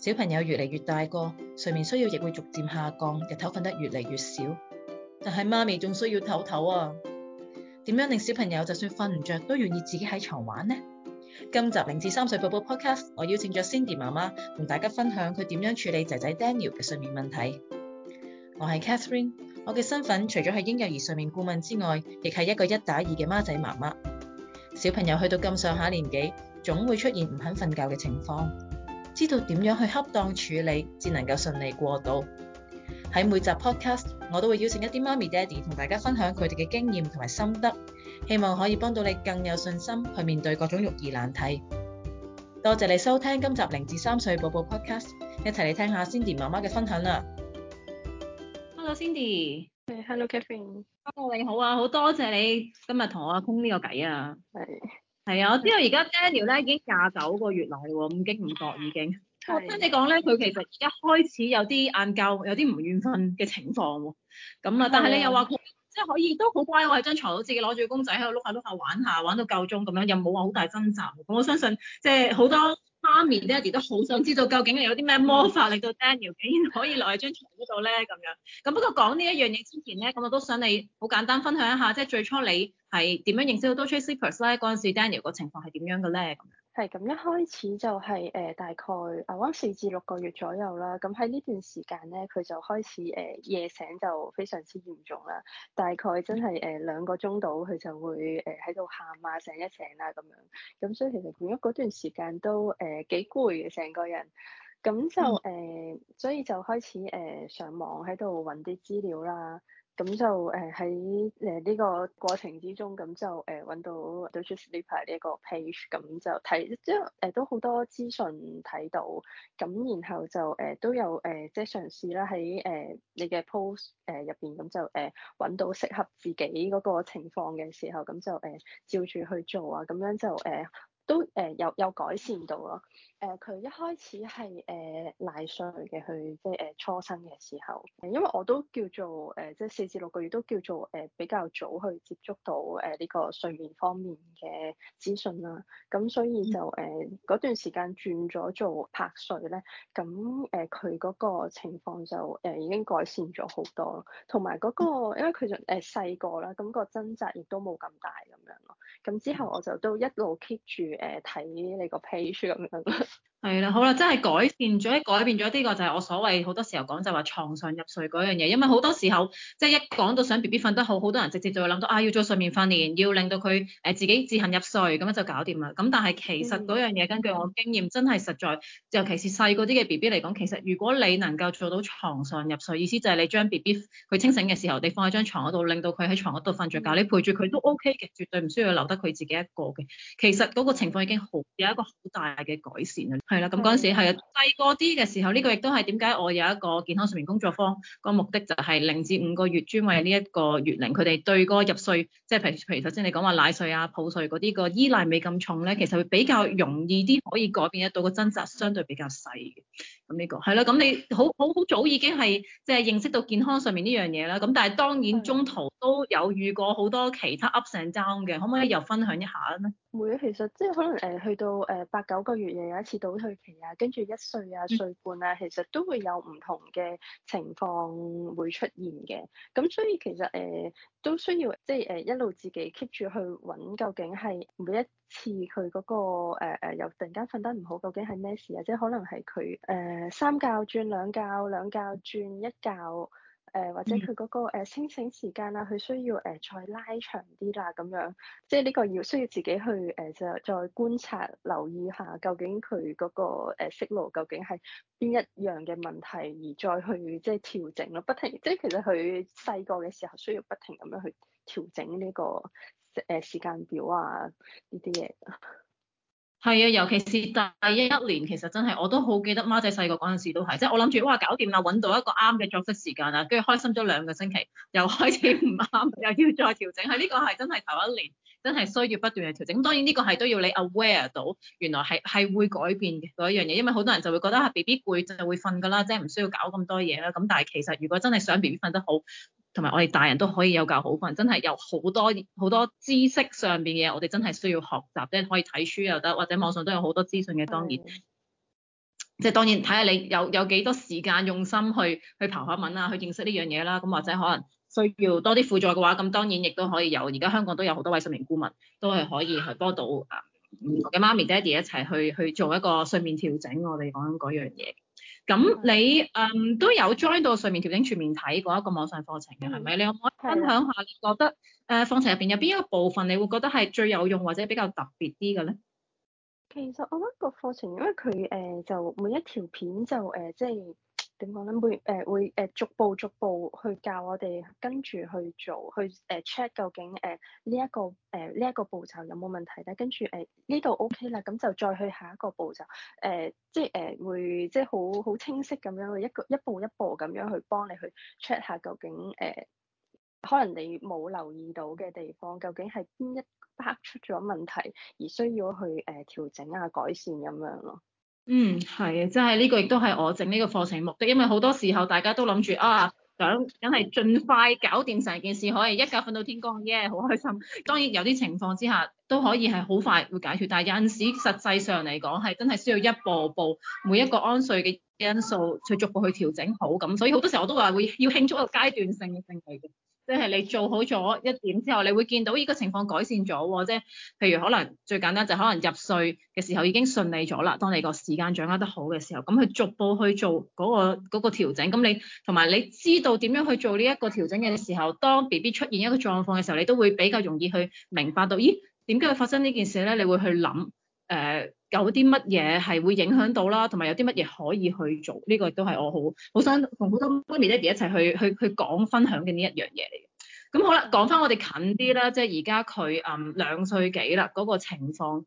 小朋友越嚟越大個，睡眠需要亦會逐漸下降，日頭瞓得越嚟越少。但係媽咪仲需要唞唞啊！點樣令小朋友就算瞓唔着都願意自己喺床玩呢？今集零至三歲寶寶 Podcast，我邀請咗 Cindy 媽媽同大家分享佢點樣處理囝囝 Daniel 嘅睡眠問題。我係 Catherine，我嘅身份除咗係嬰幼兒睡眠顧問之外，亦係一個一打二嘅媽仔媽媽。小朋友去到咁上下年紀，總會出現唔肯瞓覺嘅情況。知道點樣去恰當處理，至能夠順利過渡。喺每集 podcast，我都會邀請一啲媽咪、爹哋同大家分享佢哋嘅經驗同埋心得，希望可以幫到你更有信心去面對各種育兒難題。多謝你收聽今集零至三歲寶寶 podcast，一齊嚟聽下 Cindy 媽媽嘅分享啦。Hello，Cindy。係，Hello，Katherine。Hello，你好啊，好多謝你今日同我傾呢個偈啊。係。Hey. 係啊，我知道而家 Daniel 咧已經廿九個月嚟喎，唔經唔覺已經。我聽你講咧，佢其實一開始有啲晏覺，有啲唔願瞓嘅情況喎。咁啊，但係你又話佢即係可以都好乖喎，喺張牀度自己攞住公仔喺度碌下碌下玩下，玩到夠鍾咁樣，又冇話好大掙扎。我我相信即係好多。媽咪爹哋都好想知道，究竟係有啲咩魔法令到 Daniel 竟然可以留喺張床嗰度咧？咁樣咁不過，講呢一樣嘢之前咧，咁我都想你好簡單分享一下，即係最初你係點樣認識到 Tracy Peters 咧？嗰陣時 Daniel 個情況係點樣嘅咧？咁樣。係咁，一開始就係、是、誒、呃、大概啊，四至六個月左右啦。咁喺呢段時間咧，佢就開始誒、呃、夜醒就非常之嚴重啦。大概真係誒、呃、兩個鐘度，佢就會誒喺度喊啊，醒一醒啊咁樣。咁所以其實如果嗰段時間都誒、呃、幾攰嘅，成個人。咁就誒、嗯呃，所以就開始誒、呃、上網喺度揾啲資料啦。咁就誒喺誒呢個過程之中，咁就誒揾、呃、到 The Truth Libra 呢一個 page，咁就睇即係誒都好多資訊睇到，咁然後就誒、呃、都有誒、呃、即係嘗試啦喺誒你嘅 post 誒入邊，咁就誒揾、呃、到適合自己嗰個情況嘅時候，咁就誒、呃、照住去做啊，咁樣就誒。呃都誒、呃、有有改善到咯，誒、呃、佢一開始係誒奶睡嘅，佢、呃、即係誒初生嘅時候，因為我都叫做誒、呃、即係四至六個月都叫做誒、呃、比較早去接觸到誒呢、呃這個睡眠方面嘅資訊啦，咁所以就誒嗰、呃、段時間轉咗做拍睡咧，咁誒佢嗰個情況就誒、呃、已經改善咗好多，同埋嗰個因為佢就誒細個啦，咁、呃、個掙扎亦都冇咁大咁樣咯，咁之後我就都一路 keep 住。誒睇你個 page 咁樣。係啦，好啦，真係改善咗，改善咗呢個就係我所謂好多時候講就話、是、床上入睡嗰樣嘢，因為好多時候即係一講到想 B B 瞓得好，好多人直接就會諗到啊，要做睡眠訓練，要令到佢誒、呃、自己自行入睡咁樣就搞掂啦。咁但係其實嗰樣嘢根據我經驗真係實在，尤其是細嗰啲嘅 B B 嚟講，其實如果你能夠做到床上入睡，意思就係你將 B B 佢清醒嘅時候，你放喺張床嗰度，令到佢喺床嗰度瞓着覺，你陪住佢都 O K 嘅，絕對唔需要留得佢自己一個嘅。其實嗰個情況已經好有一個好大嘅改善啦。係啦，咁嗰陣時係啊，細個啲嘅時候，呢個亦都係點解我有一個健康睡眠工作坊，個目的就係零至五個月專為呢一個月齡，佢哋對個入睡，即係譬如譬如頭先你講話奶睡啊、抱睡嗰啲個依賴未咁重咧，其實會比較容易啲可以改變得到個掙扎，相對比較細嘅。咁呢、呢個係啦，咁你好好好早已經係即係認識到健康上面呢樣嘢啦。咁但係當然中途都有遇過好多其他 Ups and Downs 嘅，可唔可以又分享一下咧？唔會啊，其實即係可能誒、呃、去到誒八九個月又有一次倒退期啊，跟住一歲啊、歲半啊，嗯、其實都會有唔同嘅情況會出現嘅。咁所以其實誒、呃、都需要即係誒、呃、一路自己 keep 住去揾究竟係每一。似佢嗰個誒、呃、又突然間瞓得唔好，究竟係咩事啊？即係可能係佢誒三覺轉兩覺，兩覺轉一覺誒、呃，或者佢嗰個、呃、清醒時間啦、啊，佢需要誒、呃、再拉長啲啦咁樣。即係呢個要需要自己去誒、呃、就再觀察留意下，究竟佢嗰個誒路、呃、究竟係邊一樣嘅問題，而再去即係調整咯，不停。即係其實佢細個嘅時候需要不停咁樣去調整呢個。誒時間表啊，呢啲嘢係啊，尤其是第一一年，其實真係我都好記得媽媽，孖仔細個嗰陣時都係，即係我諗住哇，搞掂啦，揾到一個啱嘅作息時間啦，跟住開心咗兩個星期，又開始唔啱，又要再調整。係呢個係真係頭一年，真係需要不斷嘅調整。咁當然呢個係都要你 aware 到，原來係係會改變嘅嗰一樣嘢，因為好多人就會覺得啊，B B 攰就會瞓㗎啦，即係唔需要搞咁多嘢啦。咁但係其實如果真係想 B B 瞓得好。同埋我哋大人都可以有教好，可能真係有好多好多知識上邊嘅嘢，我哋真係需要學習，即係可以睇書又得，或者網上都有好多資訊嘅。當然，即係的當然睇下你有有幾多時間用心去去刨下文啊，去認識呢樣嘢啦。咁或者可能需要多啲輔助嘅話，咁當然亦都可以有。而家香港都有好多位睡眠顧問都係可以去幫到啊嘅媽咪爹哋一齊去去做一個睡眠調整我。我哋講緊嗰樣嘢。咁你嗯都有 join 到睡眠調整全面睇過一個網上課程嘅係咪？嗯、你可唔可以分享下你覺得誒課程入邊有邊一個部分你會覺得係最有用或者比較特別啲嘅咧？其實我覺得個課程因為佢誒、呃、就每一條片就誒即係。呃就是點講咧？會誒會誒、呃、逐步逐步去教我哋跟住去做，去誒 check 究竟誒呢一個誒呢一個步驟有冇問題咧？跟住誒呢度 OK 啦，咁，呃這個 OK，就再去下一個步驟。誒、呃、即係誒、呃、會即係好好清晰咁樣，一個一步一步咁樣去幫你去 check 下究竟誒、呃、可能你冇留意到嘅地方，究竟係邊一 part 出咗問題而需要去誒調、呃、整啊改善咁樣咯。嗯，係啊，真係呢個亦都係我整呢個課程目的，因為好多時候大家都諗住啊，想梗係盡快搞掂成件事，可以一覺瞓到天光耶，好、yeah，開心。當然有啲情況之下都可以係好快會解決，但係有陣時實際上嚟講係真係需要一步步每一個安睡嘅因素，去逐步去調整好咁。所以好多時候我都話會要慶祝一個階段性嘅成績。即係你做好咗一點之後，你會見到依個情況改善咗喎、哦。即、就、係、是、譬如可能最簡單就可能入睡嘅時候已經順利咗啦。當你個時間掌握得好嘅時候，咁佢逐步去做嗰、那個嗰、那個、調整。咁你同埋你知道點樣去做呢一個調整嘅時候，當 BB 出現一個狀況嘅時候，你都會比較容易去明白到，咦，點解會發生呢件事咧？你會去諗誒。呃有啲乜嘢係會影響到啦，同埋有啲乜嘢可以去做，呢個亦都係我好好想同好多媽咪爹哋一齊去去去講分享嘅呢一樣嘢嚟嘅。咁好啦，講翻我哋近啲啦，即係而家佢嗯兩歲幾啦，嗰個情況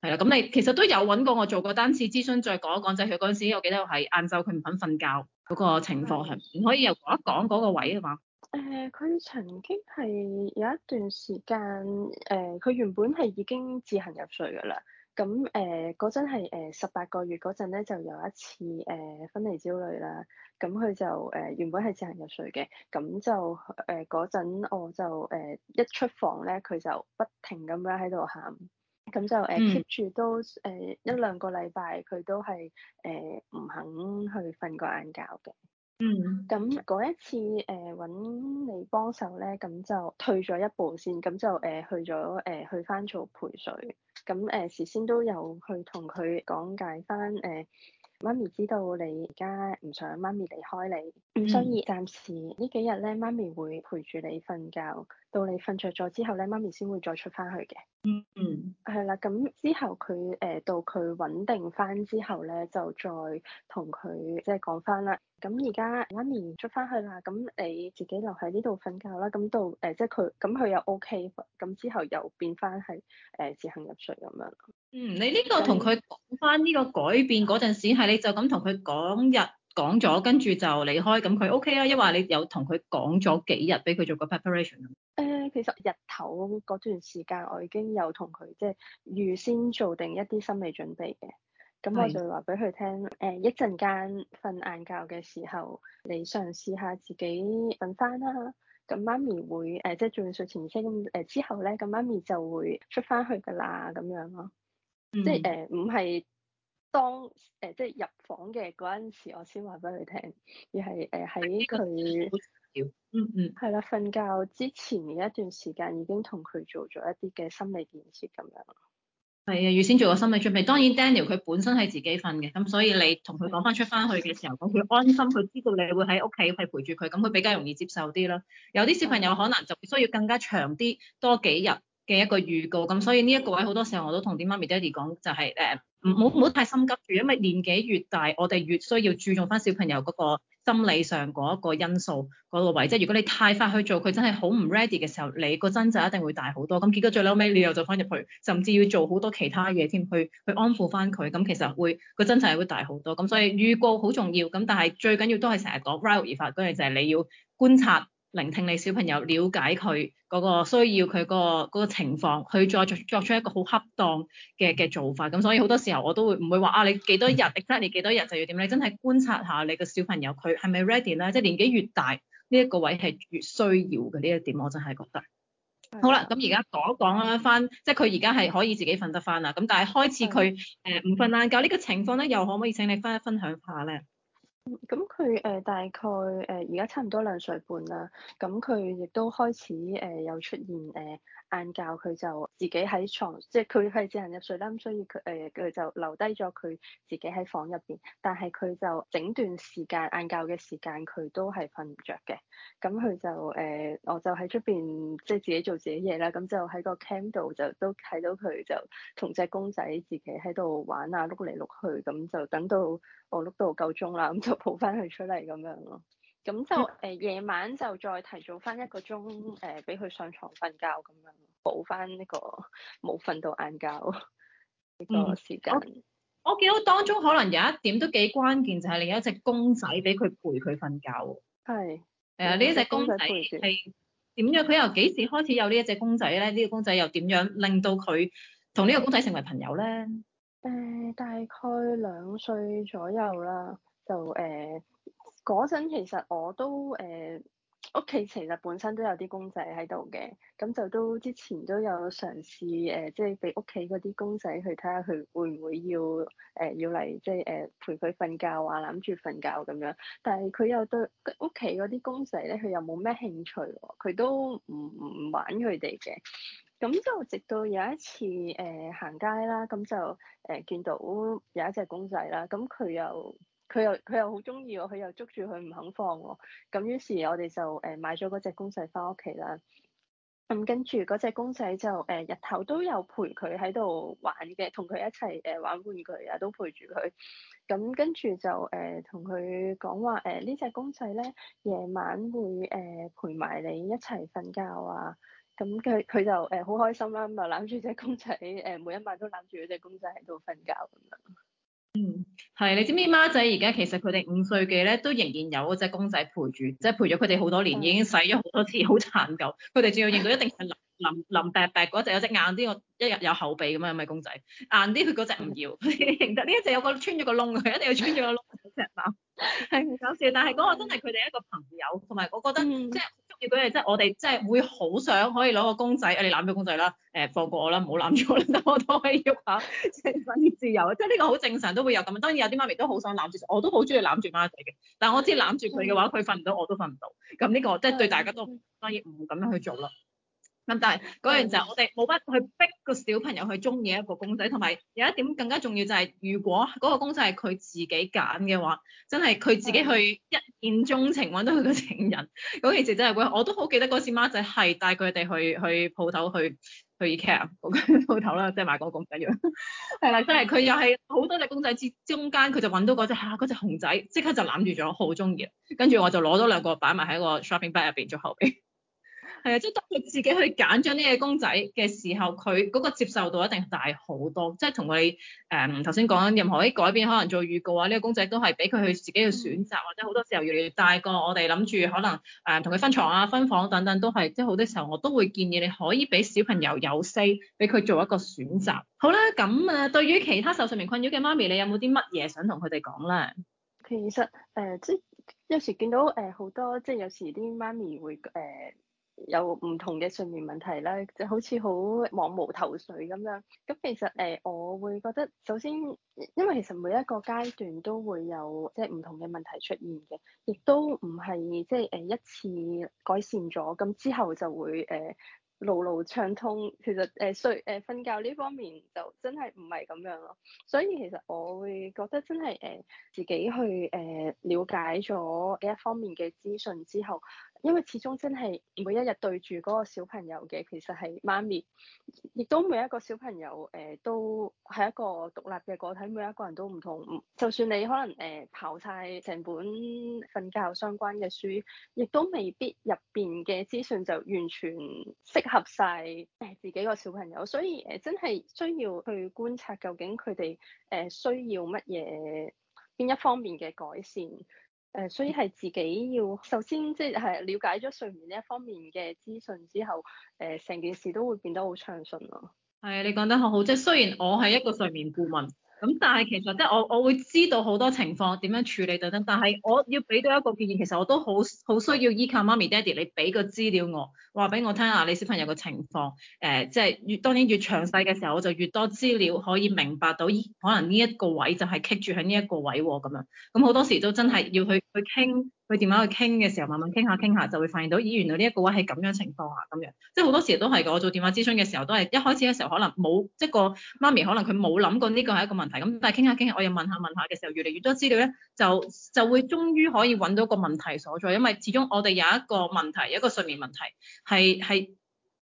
係啦。咁你其實都有揾過我做過單次諮詢，再講一講，就係佢嗰陣時，我記得係晏晝佢唔肯瞓覺嗰個情況係，唔可以又講一講嗰個位啊嘛。誒，佢、呃、曾經係有一段時間，誒、呃，佢原本係已經自行入睡噶啦。咁誒嗰陣係十八個月嗰陣咧，就有一次誒分離焦慮啦。咁佢就誒原本係自行入睡嘅，咁就誒嗰陣我就誒一出房咧，佢就不停咁樣喺度喊。咁就誒 keep 住都誒一兩個禮拜，佢都係誒唔肯去瞓個晏覺嘅。嗯，咁嗰、嗯、一次誒揾、呃、你幫手咧，咁就退咗一步先，咁就誒、呃、去咗誒、呃、去翻做陪水，咁誒、呃、事先都有去同佢講解翻誒。呃媽咪知道你而家唔想媽咪離開你，咁、嗯、所以暫時呢幾日咧，媽咪會陪住你瞓覺，到你瞓着咗之後咧，媽咪先會再出翻去嘅。嗯嗯，係啦，咁之後佢誒到佢穩定翻之後咧，就再同佢即係講翻啦。咁而家媽咪出翻去啦，咁你自己留喺呢度瞓覺啦。咁到誒即係佢咁佢又 OK，咁之後又變翻係誒自行入睡咁樣。嗯，你呢個同佢講翻呢個改變嗰陣時，係你就咁同佢講日講咗，跟住就離開，咁佢 OK 啦。定話你有同佢講咗幾日，俾佢做個 preparation。誒、呃，其實日頭嗰段時間，我已經有同佢即係預先做定一啲心理準備嘅。咁我就話俾佢聽，誒一陣間瞓晏覺嘅時候，你嘗試下自己瞓翻啦。咁媽咪會誒即係做完睡前先誒、呃，之後咧，咁媽咪就會出翻去㗎啦，咁樣咯。嗯、即係誒，唔係當誒即係入房嘅嗰陣時，我先話俾佢聽，而係誒喺佢嗯嗯係啦，瞓覺之前嘅一段時間，已經同佢做咗一啲嘅心理建設咁樣。係啊，預先做個心理準備。當然 Daniel 佢本身係自己瞓嘅，咁所以你同佢講翻出翻去嘅時候，咁佢、嗯、安心，佢知道你會喺屋企係陪住佢，咁佢比較容易接受啲囉。有啲小朋友可能就需要更加長啲，嗯、多幾日，嘅一個預告，咁所以呢一個位好多時候我都同啲媽咪爹哋講、就係，就係誒唔好唔好太心急住，因為年紀越大，我哋越需要注重翻小朋友嗰個心理上嗰個因素嗰、嗰個位。即係如果你太快去做，佢真係好唔 ready 嘅時候，你個真就一定會大好多。咁結果最嬲尾你又就翻入去，甚至要做好多其他嘢添，去去安撫翻佢。咁其實會個真就係會大好多。咁所以預告好重要。咁但係最緊要都係成日講 by e 而發，嗰樣就係、係、你要觀察，聆聽你小朋友，了解佢嗰個需要，佢個嗰個情況，去再作作出一個好恰當嘅嘅做法。咁所以好多時候我都會唔會話啊，你幾多日 expect 你幾多日就要點？你真係觀察下你個小朋友，佢係咪 ready 啦？即係年紀越大，呢一個位係越需要嘅呢一點，我真係覺得。的好啦，咁而家講一講啦，翻即係佢而家係可以自己瞓得翻啦。咁但係開始佢誒唔瞓晏覺呢個情況咧，又可唔可以請你返一分享下咧？咁佢誒大概誒而家差唔多兩歲半啦，咁佢亦都開始誒有、呃、出現誒晏、呃、覺，佢就自己喺床，即係佢係自行入睡啦，所以佢誒佢就留低咗佢自己喺房入邊，但係佢就整段時間晏覺嘅時間佢都係瞓唔着嘅，咁佢就誒、呃、我就喺出邊即係自己做自己嘢啦，咁就喺個 cam 度就都睇到佢就同隻公仔自己喺度玩啊，碌嚟碌去，咁就等到我碌到夠鐘啦，咁抱翻佢出嚟咁樣咯，咁就誒夜、嗯呃、晚就再提早翻一個鐘誒，俾、呃、佢上床瞓覺咁樣，補翻呢個冇瞓到晏覺呢個時間、嗯。我見到當中可能有一點都幾關鍵，就係、是、另一隻公仔俾佢陪佢瞓覺。係。誒，呢一隻公仔係點樣？佢由幾時開始有呢一隻公仔咧？呢、這個公仔又點樣令到佢同呢個公仔成為朋友咧？誒、嗯，大概兩歲左右啦。就誒嗰陣，呃、其實我都誒屋企其實本身都有啲公仔喺度嘅，咁就都之前都有嘗試誒、呃，即係俾屋企嗰啲公仔去睇下佢會唔會要誒、呃、要嚟即係誒、呃、陪佢瞓覺啊，諗住瞓覺咁樣。但係佢又對屋企嗰啲公仔咧，佢又冇咩興趣、哦，佢都唔唔玩佢哋嘅。咁就直到有一次誒行、呃、街啦，咁就誒、呃、見到有一隻公仔啦，咁佢又～佢又佢又好中意喎，佢又捉住佢唔肯放喎、哦，咁於是我，我哋就誒買咗嗰隻公仔返屋企啦。咁跟住嗰隻公仔就誒、呃、日頭都有陪佢喺度玩嘅，同佢一齊誒、呃、玩玩具啊，都陪住佢。咁、嗯呃、跟住就誒同佢講話誒呢隻公仔咧，夜晚會誒、呃、陪埋你一齊瞓覺啊。咁佢佢就誒好、呃、開心啦、啊，咁就攬住隻公仔誒、呃、每一晚都攬住嗰隻公仔喺度瞓覺咁樣。嗯，係，你知唔知孖仔而家其實佢哋五歲嘅咧，都仍然有嗰隻公仔陪住，即係陪咗佢哋好多年，已經洗咗好多次，好殘舊。佢哋仲要認到一定係林林白白嗰隻，有隻硬啲，我一日有口鼻咁樣嘅公仔，硬啲佢嗰隻唔要。你認得呢一隻有個穿咗個窿，佢一定要穿咗個窿隻貓，係好 搞笑。但係嗰個真係佢哋一個朋友，同埋我覺得、嗯、即係。即係我哋即係會好想可以攞個公仔，誒你攬住個公仔啦，誒、欸、放過我啦，唔好攬住我啦，但我都可以喐下，即係瞓啲自由，即係呢個好正常都會有咁。當然有啲媽咪都好想攬住，我都好中意攬住媽仔嘅。但係我知攬住佢嘅話，佢瞓唔到，我都瞓唔到。咁呢、這個即係、就是、對大家都當然唔會咁樣去做啦。咁但係嗰樣就，我哋冇乜去逼個小朋友去中意一個公仔，同埋有一點更加重要就係、是，如果嗰個公仔係佢自己揀嘅話，真係佢自己去一見鍾情揾到佢個情人，其實真係會。我都好記得嗰次媽仔係帶佢哋去去鋪頭去去 E 卡鋪鋪頭啦，即係買公公仔樣，係 啦，真係佢又係好多隻公仔之中間，佢就揾到嗰隻嚇、啊、熊仔，即刻就攬住咗好中意，跟住我就攞咗兩個擺埋喺個 shopping bag 入邊做後備。係啊，即係當佢自己去揀咗呢個公仔嘅時候，佢嗰個接受度一定大好多。即係同佢哋誒頭先講任何啲改變，可能做預告啊，呢個公仔都係俾佢去自己去選擇，或者好多時候越嚟越大個，我哋諗住可能誒同佢分床啊、分房等等都係。即係好多時候，我都會建議你可以俾小朋友有 say，俾佢做一個選擇。好啦，咁啊，對於其他受睡眠困擾嘅媽咪，你有冇啲乜嘢想同佢哋講咧？其實誒、呃，即係有時見到誒好、呃、多，即係有時啲媽咪會誒。呃有唔同嘅睡眠問題咧，就好似好茫無頭緒咁樣。咁其實誒、呃，我會覺得首先，因為其實每一個階段都會有即係唔同嘅問題出現嘅，亦都唔係即係誒一次改善咗，咁之後就會誒。呃路路暢通，其實誒睡誒瞓覺呢方面就真係唔係咁樣咯。所以其實我會覺得真係誒、呃、自己去誒了解咗呢一方面嘅資訊之後，因為始終真係每一日對住嗰個小朋友嘅，其實係媽咪，亦都每一個小朋友誒、呃、都係一個獨立嘅個體，每一個人都唔同。就算你可能誒、呃、刨晒成本瞓覺相關嘅書，亦都未必入邊嘅資訊就完全適合。合曬自己個小朋友，所以誒真係需要去觀察究竟佢哋誒需要乜嘢邊一方面嘅改善誒，所以係自己要首先即係了解咗睡眠呢一方面嘅資訊之後，誒成件事都會變得好暢順咯。係啊，你講得好好，即係雖然我係一個睡眠顧問咁，但係其實即係我我會知道好多情況點樣處理就得，但係我要俾到一個建議，其實我都好好需要依靠媽咪爹哋，你俾個資料我。話俾我聽下你小朋友嘅情況，誒，即係越當然越詳細嘅時候，我就越多資料可以明白到，咦，可能呢一個位就係棘住喺呢一個位喎，咁樣，咁好多時都真係要去去傾，去電話去傾嘅時候，慢慢傾下傾下就會發現到，咦，原來呢一個位係咁樣情況下咁樣，即係好多時都係我做電話諮詢嘅時候，都係一開始嘅時候可能冇，即係個媽咪可能佢冇諗過呢個係一個問題，咁但係傾下傾下，我又問下問下嘅時候，越嚟越多資料咧，就就會終於可以揾到個問題所在，因為始終我哋有一個問題，有一個睡眠問題。係係，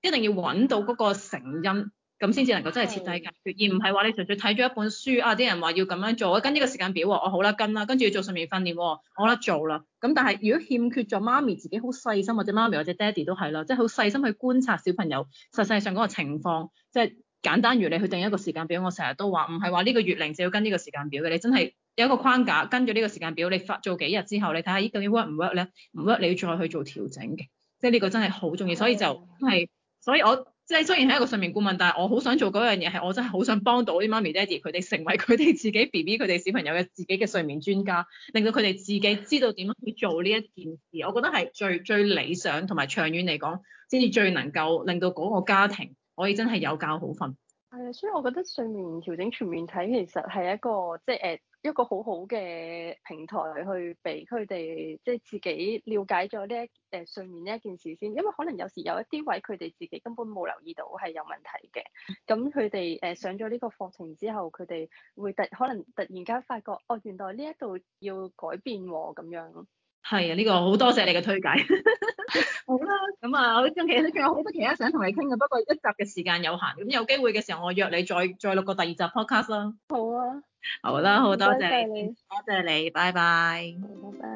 一定要揾到嗰個成因，咁先至能夠真係徹底解決，的而唔係話你純粹睇咗一本書啊，啲人話要咁樣做，跟呢個時間表，我好啦跟啦，跟住要做睡眠訓練喎，我啦做啦。咁但係如果欠缺咗媽咪自己好細心，或者媽咪或者爹哋都係啦，即係好細心去觀察小朋友實際上嗰個情況。即係簡單，如你去定一個時間表，我成日都話唔係話呢個月齡就要跟呢個時間表嘅，你真係有一個框架跟住呢個時間表，你發做幾日之後，你睇下依究竟 work 唔 work 呢？唔 work 你要再去做調整嘅。即係呢個真係好重要，所以就係、就係，所以我即係雖然係一個睡眠顧問，但係我好想做嗰樣嘢，係我真係好想幫到啲媽咪爹哋，佢哋成為佢哋自己 BB 佢哋小朋友嘅自己嘅睡眠專家，令到佢哋自己知道點樣去做呢一件事。我覺得係最最理想同埋長遠嚟講，先至最能夠令到嗰個家庭可以真係有覺好瞓。係啊，所以我覺得睡眠調整全面睇，其實係一個即係誒，一個好好嘅平台去俾佢哋即係自己了解咗呢一誒，睡眠呢一件事先，因為可能有時有一啲位佢哋自己根本冇留意到係有問題嘅，咁佢哋誒，上咗呢個課程之後，佢哋會突可能突然間發覺哦，原來呢一度要改變喎咁樣。係啊，呢、這個好多謝你嘅推介。 好啦吧，咁啊， 我仲其實仲有好多其他想同你傾嘅，不過一集嘅時間有限，咁有機會嘅時候我約你再再錄個第二集 podcast 啦。好啊。好啦，好謝謝多謝你，你多謝你，拜拜。拜拜。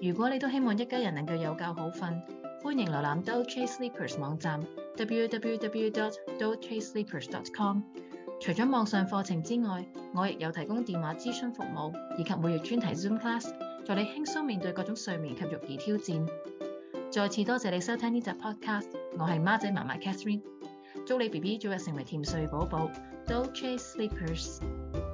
如果你都希望一家人能夠有覺好瞓，歡迎瀏覽 Doze Sleepers 網站 www.dozesleepers.com。除咗網上課程之外，我亦有提供電話諮詢服務，以及每月專題 Zoom class。助你輕鬆面對各種睡眠及育兒挑戰。再次多謝你收聽呢集 podcast，我係孖仔媽媽 Catherine。祝你 B B 早日成為甜睡寶寶，Don't Chase Sleepers